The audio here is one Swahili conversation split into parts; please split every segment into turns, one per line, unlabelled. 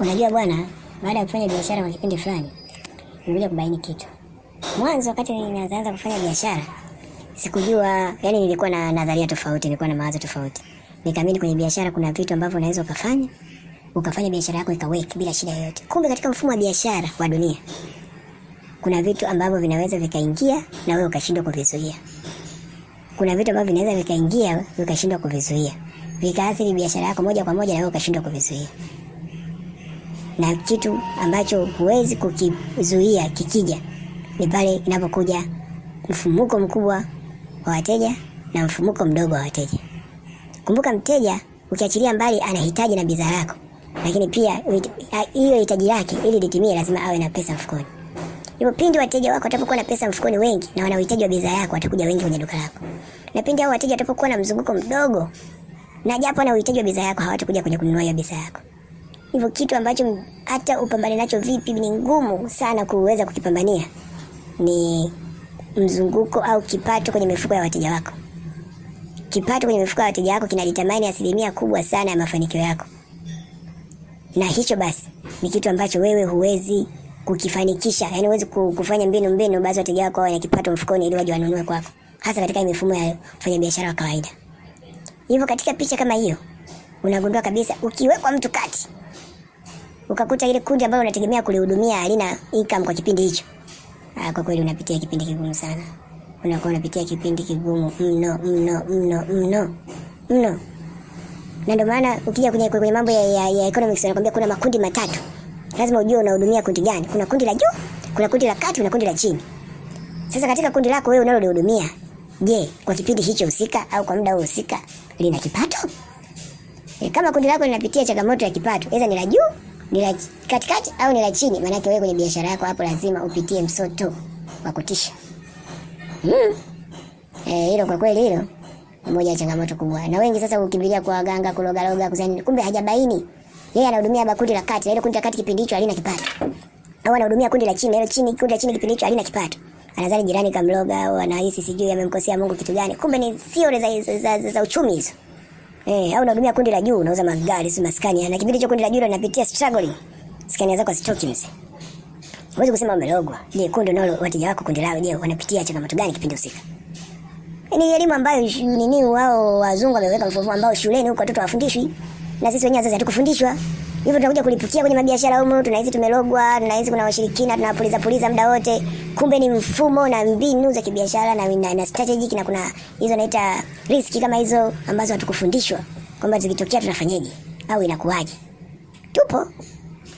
Unajua bwana, baada ya kufanya biashara kwa kipindi fulani, nilikuja kubaini kitu. Mwanzo wakati nilianza kufanya biashara, sikujua, yani nilikuwa na nadharia tofauti, nilikuwa na mawazo tofauti. Nikaamini kwenye biashara kuna vitu ambavyo unaweza ukafanya, ukafanya biashara yako ikaweki bila shida yoyote. Kumbe katika mfumo wa biashara wa dunia kuna vitu ambavyo vinaweza vikaingia na wewe ukashindwa kuvizuia. Kuna vitu ambavyo vinaweza vikaingia ukashindwa kuvizuia, vikaathiri biashara yako moja kwa moja na wewe ukashindwa kuvizuia na kitu ambacho huwezi kukizuia kikija ni pale inapokuja mfumuko mkubwa wa wateja na mfumuko mdogo wa wateja. Kumbuka, mteja ukiachilia mbali, anahitaji na bidhaa yako, lakini pia hiyo hitaji lake ili litimie, lazima awe na pesa mfukoni. Hivyo pindi wateja wako watapokuwa na pesa mfukoni wengi na wana uhitaji wa bidhaa yako, watakuja wengi kwenye duka lako, na pindi hao wateja watapokuwa na mzunguko mdogo na japo na uhitaji wa bidhaa yako, hawatakuja kwenye kununua hiyo bidhaa yako hivyo kitu ambacho hata upambane nacho vipi ni ngumu sana kuweza kukipambania ni mzunguko au kipato kwenye mifuko ya wateja wako. Kipato kwenye mifuko ya wateja wako kinajitamani asilimia kubwa sana ya mafanikio yako, na hicho basi ni kitu ambacho wewe huwezi kukifanikisha, yani huwezi kufanya mbinu mbinu, basi wateja wako wawe na kipato mfukoni ili waje wanunue kwako, hasa katika mifumo ya kufanya biashara wa kawaida. Hivyo katika picha kama hiyo unagundua kabisa ukiwekwa mtu kati ukakuta ile kundi ambayo unategemea kulihudumia halina income kwa kipindi hicho, ah, kwa kweli unapitia kipindi kigumu sana, unakuwa unapitia kipindi kigumu mno mno mno mno mno. Na ndio maana ukija kwenye kwenye mambo ya, ya, ya economics anakuambia kuna makundi matatu, lazima ujue unahudumia kundi gani. Kuna kundi la juu, kuna kundi la kati na kundi la chini. Sasa katika kundi lako wewe unalolihudumia, je, kwa kipindi hicho husika au kwa muda huo husika lina kipato? E, kama kundi lako linapitia changamoto ya kipato, aidha ni la juu ni la katikati au ni la chini. Maanake wewe kwenye biashara yako hapo lazima upitie msoto wa kutisha. Mm. Eh, hilo kwa kweli hilo ni moja ya changamoto kubwa. Na wengi sasa ukimbilia kwa waganga kuloga loga kuzani, kumbe hajabaini. Yeye anahudumia hapa la kati, na ile kundi la kati kipindi hicho halina kipato. Au anahudumia kundi la chini, na ile chini kundi la chini kipindi hicho halina kipato. Anadhani jirani kamloga au anahisi sijui amemkosea Mungu kitu gani. Kumbe ni sio za, za, za, za uchumi hizo. Eh, au unahudumia kundi la juu, unauza magari, si maskani. Eh, na kipindi cha kundi la juu linapitia struggle. Skani zako hazitoki mzee. Huwezi kusema umelogwa. Je, kundi nalo wateja wako kundi lao je, wanapitia changamoto gani kipindi usika? Ni elimu ambayo nini wao wazungu wameweka mfumo ambao shuleni huko watoto hawafundishwi. Na sisi wenyewe wazazi hatukufundishwa hivyo tunakuja kulipukia kwenye mabiashara humu, tunahisi tumelogwa, tunahisi kuna washirikina, tunapuliza puliza muda wote, kumbe ni mfumo na mbinu za kibiashara na, na, na strategic na kuna hizo naita riski kama hizo ambazo hatukufundishwa kwamba zikitokea tunafanyaje au inakuwaje. Tupo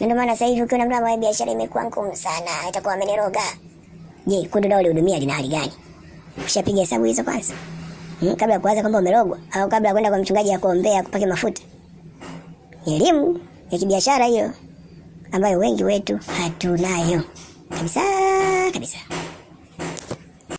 na ndio maana sasa hivi ukiona mtu ambaye biashara imekuwa ngumu sana, itakuwa ameniroga. Je, kundi lao lihudumia lina hali gani? Ushapiga hesabu hizo kwanza hmm, kabla ya kuanza kwamba umerogwa au kabla ya kwenda kwa mchungaji akuombea akupake mafuta elimu ya kibiashara hiyo ambayo wengi wetu hatunayo kabisa kabisa.